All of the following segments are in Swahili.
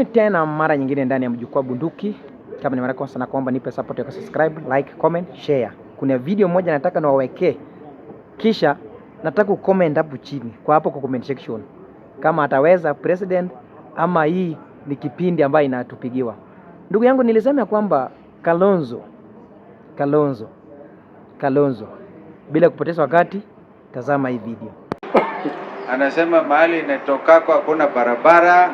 Karibuni tena mara nyingine ndani ya Mjukuu wa Bunduki. Kama ni mara kwanza, na kuomba nipe support ya subscribe, like, comment, share. Kuna video moja nataka niwawekee, kisha nataka ucomment hapo chini kwa hapo kwa comment section, kama ataweza president ama hii ni kipindi ambayo inatupigiwa. Ndugu yangu, nilisema kwamba Kalonzo, Kalonzo, Kalonzo, bila kupoteza wakati, tazama hii video. Anasema mahali inatokako hakuna barabara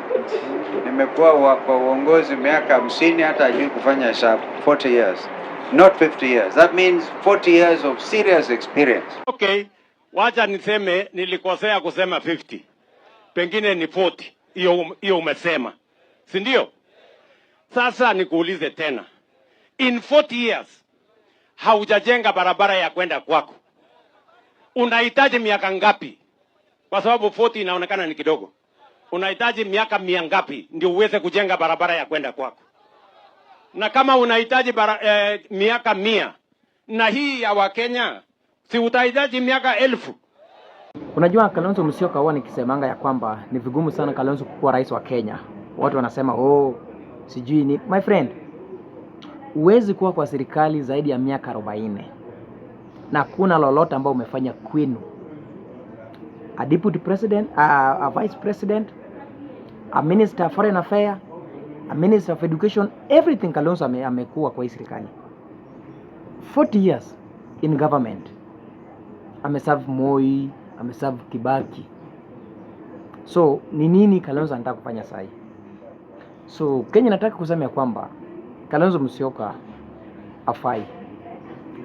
nimekuwa kwa uongozi miaka hamsini, hata ajui kufanya hesabu. 40 years not 50 years, that means 40 years of serious experience. Okay, wacha niseme nilikosea kusema 50, pengine ni 40. Hiyo um, hiyo umesema, si ndio? Sasa nikuulize tena, in 40 years haujajenga barabara ya kwenda kwako, unahitaji miaka ngapi? Kwa sababu 40 inaonekana ni kidogo unahitaji miaka mia ngapi ndio uweze kujenga barabara ya kwenda kwako? Na kama unahitaji eh, miaka mia na hii ya Wakenya, si utahitaji miaka elfu? Unajua, Kalonzo Musyoka huwa nikisemanga ya kwamba ni vigumu sana Kalonzo kukuwa rais wa Kenya. Watu wanasema oh, sijui ni my friend, huwezi kuwa kwa serikali zaidi ya miaka 40 na kuna lolote ambao umefanya kwenu a deputy president, a, a vice president a minister foreign affair, a minister of education, everything Kalonzo ame, amekuwa kwa hii serikali 40 years in government. Ameserve Moi, ameserve Kibaki. So ni nini Kalonzo anataka kufanya saa So Kenya nataka kusema ya kwamba Kalonzo Musyoka afai.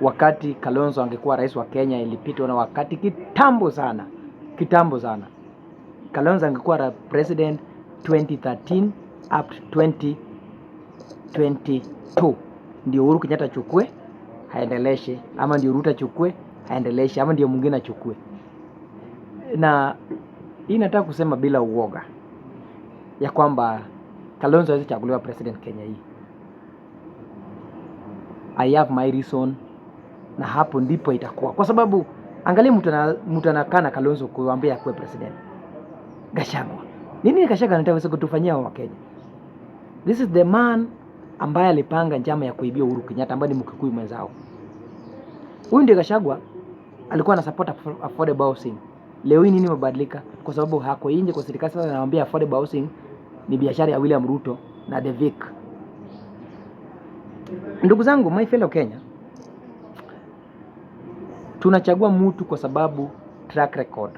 Wakati Kalonzo angekuwa rais wa Kenya ilipitwa na wakati kitambo sana, kitambo sana. Kalonzo angekuwa president 2013 up to 2022, ndio Uhuru Kenyatta achukue aendeleshe, ama ndio Ruto achukue aendeleshe, ama ndio mwingine achukue. Na hii nataka kusema bila uoga ya kwamba Kalonzo hawezi chaguliwa president Kenya hii. I have my reason, na hapo ndipo itakuwa, kwa sababu angalia mtu anakaa na Kalonzo kuambia akuwe president Gachagua nini Kashaga anataka kutufanyia wa Kenya? This is the man ambaye alipanga njama ya kuibia Uhuru Kenyatta ambaye ni mkikuyu mwenzao. Huyu ndiye Kashagwa alikuwa ana support affordable housing. Leo hii nini imebadilika? Kwa sababu hako nje kwa serikali sasa anawaambia affordable housing ni biashara ya William Ruto na Devik. Ndugu zangu, my fellow Kenya, tunachagua mtu kwa sababu track record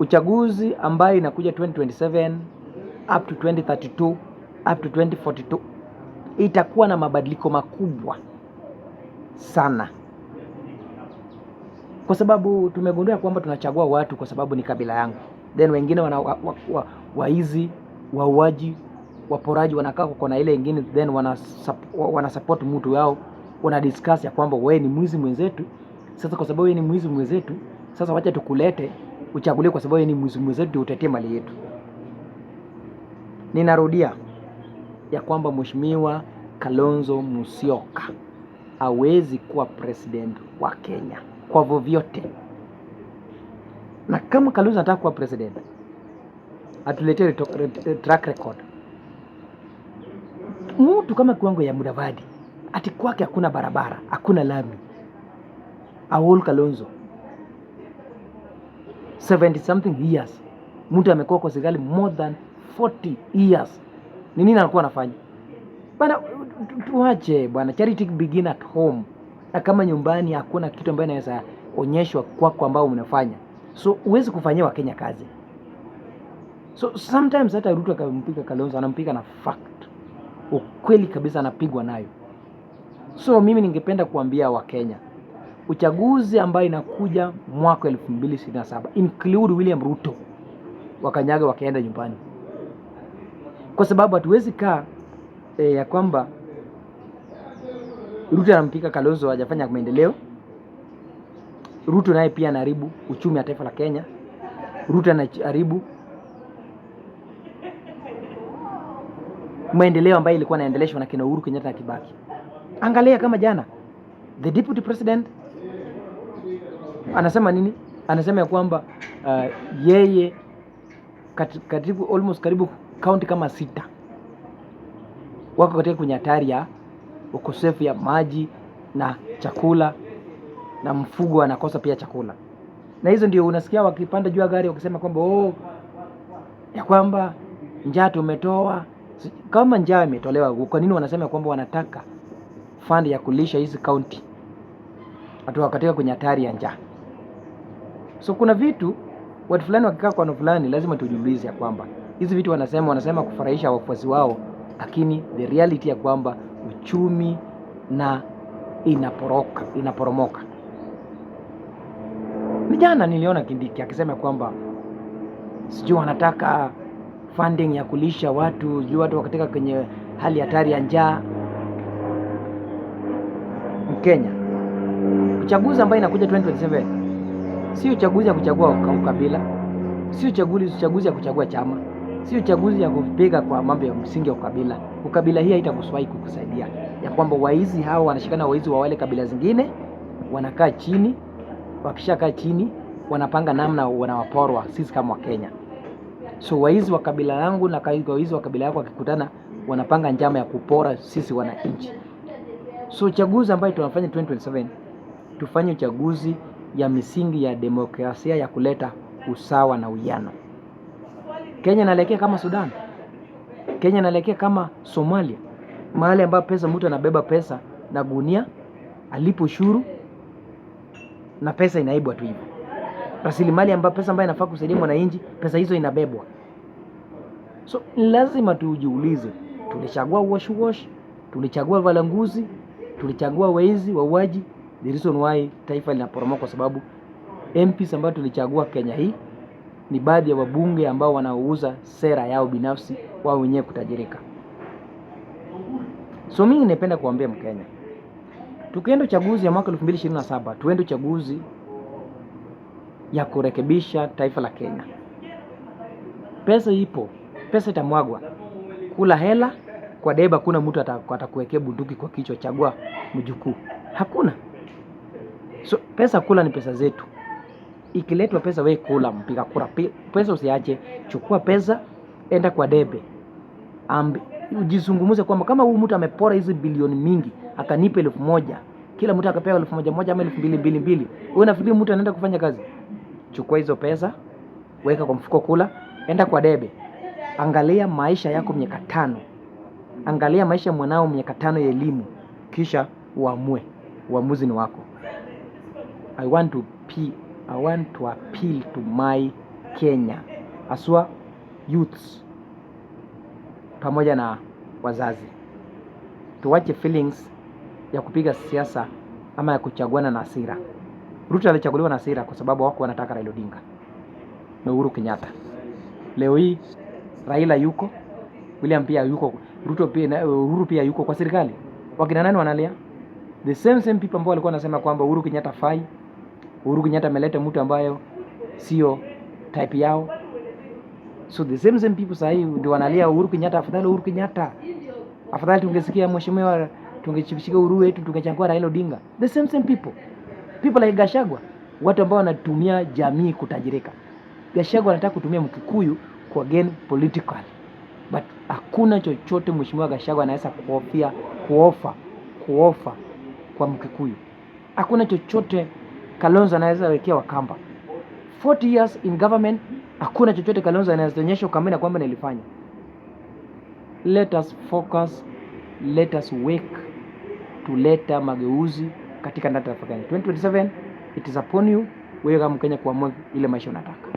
uchaguzi ambayo inakuja 2027 up to 2032 up to 2042 itakuwa na mabadiliko makubwa sana, kwa sababu tumegundua kwamba tunachagua watu kwa sababu ni kabila yangu, then wengine wana waizi wa, wa wauaji waporaji wanakaa kwa na ile ingine, then wana wana support mtu wao, wana discuss ya kwamba wewe ni mwizi mwenzetu. Sasa kwa sababu wewe ni mwizi mwenzetu, sasa wacha tukulete uchaguliwe kwa sababu ni mzungumzaji ndio utetee mali yetu. Ninarudia ya kwamba Mheshimiwa Kalonzo Musyoka hawezi kuwa president wa Kenya kwa vyovyote, na kama Kalonzo anataka kuwa president atuletee track record. Mtu kama kiwango ya Mudavadi ati kwake hakuna barabara, hakuna lami. Awol Kalonzo 70 something years, mtu amekuwa kwa serikali more than 40 years, ni nini anakuwa anafanya bana? Tuache bwana, charity begin at home, na kama nyumbani hakuna kitu ambayo inaweza onyeshwa kwako kwa ambao unafanya so huwezi kufanyia Wakenya kazi. So sometimes hata Ruto akampiga Kalonzo, anampiga na fact, ukweli kabisa, anapigwa nayo. So mimi ningependa kuambia Wakenya uchaguzi ambayo inakuja mwaka elfu mbili ishirini na saba include William Ruto wakanyaga wakaenda nyumbani, kwa sababu hatuwezi kaa e, ya kwamba Ruto anampika Kalonzo hajafanya maendeleo. Ruto naye pia anaharibu uchumi wa taifa la Kenya. Ruto anaharibu maendeleo ambayo ilikuwa inaendeleshwa na kina Uhuru Kenyatta na Kibaki. Angalia kama jana the deputy president anasema nini? Anasema ya kwamba uh, yeye katibu karibu, almost karibu kaunti kama sita wako katika kwenye hatari ya ukosefu ya maji na chakula na mfugo anakosa pia chakula, na hizo ndio unasikia wakipanda juu ya gari wakisema kwamba oh, ya kwamba njaa tumetoa. Kama njaa imetolewa, kwa nini wanasema kwamba wanataka fund ya kulisha hizi kaunti watu katika kwenye hatari ya njaa? So kuna vitu watu fulani wakikaa kwa watu fulani, lazima tujiulize ya kwamba hizi vitu wanasema, wanasema kufurahisha wafuasi wao, lakini the reality ya kwamba uchumi na inaporoka inaporomoka. Ni jana niliona Kindiki akisema kwamba sijui wanataka funding ya kulisha watu, sijui watu wakatika kwenye hali hatari ya njaa. Mkenya uchaguzi ambayo inakuja 2027 si uchaguzi ya kuchagua ukabila, uchaguzi uchaguzi ya kuchagua chama, si uchaguzi ya kupiga kwa mambo ya msingi ya ukabila. Ukabila hii haitakuswahi kukusaidia, ya kwamba waizi hawa wanashikana, waizi wa wale kabila zingine wanakaa chini, wakishakaa chini wanapanga namna wanawaporwa sisi kama Wakenya. So waizi wa kabila langu na waizi wa kabila yako wakikutana, wanapanga njama ya kupora sisi wananchi. So uchaguzi ambayo tunafanya 2027 tufanye uchaguzi ya misingi ya demokrasia ya kuleta usawa na uwiano. Kenya inaelekea kama Sudan, Kenya inaelekea kama Somalia, mahali ambapo pesa mtu anabeba pesa na gunia alipo ushuru na pesa inaibwa tu hivyo, rasilimali ambayo pesa ambayo inafaa kusaidia mwananchi, pesa hizo inabebwa. So lazima tujiulize, tulichagua wash wash, tulichagua valanguzi tulichagua wezi, wauaji the reason why taifa linaporomoka kwa sababu MPs ambao tulichagua Kenya hii ni baadhi ya wabunge ambao wanaouza sera yao binafsi wao wenyewe kutajirika. So mimi ninapenda kuambia Mkenya, tukienda uchaguzi ya mwaka 2027 tuende uchaguzi ya kurekebisha taifa la Kenya. Pesa ipo, pesa itamwagwa, kula hela kwa deba. Kuna mtu atakuwekea bunduki kwa kichwa, chagua mjukuu, hakuna. So, pesa kula ni pesa zetu. Ikiletwa pesa we kula, mpiga kura pesa usiache. Chukua pesa, enda kwa debe, ambi ujizungumuze kwamba kama huyu mtu amepora hizi bilioni mingi akanipa elfu moja kila mtu akapewa elfu moja moja ama elfu mbili mbili mbili, wewe unafikiri mtu anaenda kufanya kazi? Chukua hizo pesa, weka kwa mfuko, kula, enda kwa debe, angalia maisha yako miaka tano, angalia maisha mwanao miaka tano ya elimu, kisha uamue. Uamuzi ni wako. I want to, pe I want to appeal to my Kenya, aswa youths pamoja na wazazi, tuwache feelings ya kupiga siasa ama ya kuchaguana na hasira. Ruto alichaguliwa na hasira kwa sababu wako wanataka Raila Odinga na Uhuru Kenyatta. Leo hii Raila yuko, William pia yuko, Ruto pia, Uhuru pia yuko kwa serikali. Wakina nani wanalia? The same same people ambao walikuwa wanasema kwamba Uhuru Kenyatta fai Uhuru Kenyatta ameleta mtu ambayo sio type yao. So the same same people sasa hivi ndio wanalia Uhuru Kenyatta, afadhali Uhuru Kenyatta, afadhali tungesikia mheshimiwa, tungechipishika Uhuru wetu, tungechangua Raila Odinga. The same same people people like Gashagwa, watu ambao wanatumia jamii kutajirika. Gashagwa anataka kutumia mkikuyu kwa gain political, but hakuna chochote mheshimiwa Gashagwa anaweza kuofia kuofa kuofa kwa mkikuyu, hakuna chochote Kalonzo anaweza wekewa kamba 40 years in government. Hakuna chochote Kalonzo anaonyesha ukamena kwamba nilifanya. Let us focus, let us wake tuleta mageuzi katika ndata ya 2027. It is upon you wewe kama Mkenya kuamua ile maisha unataka.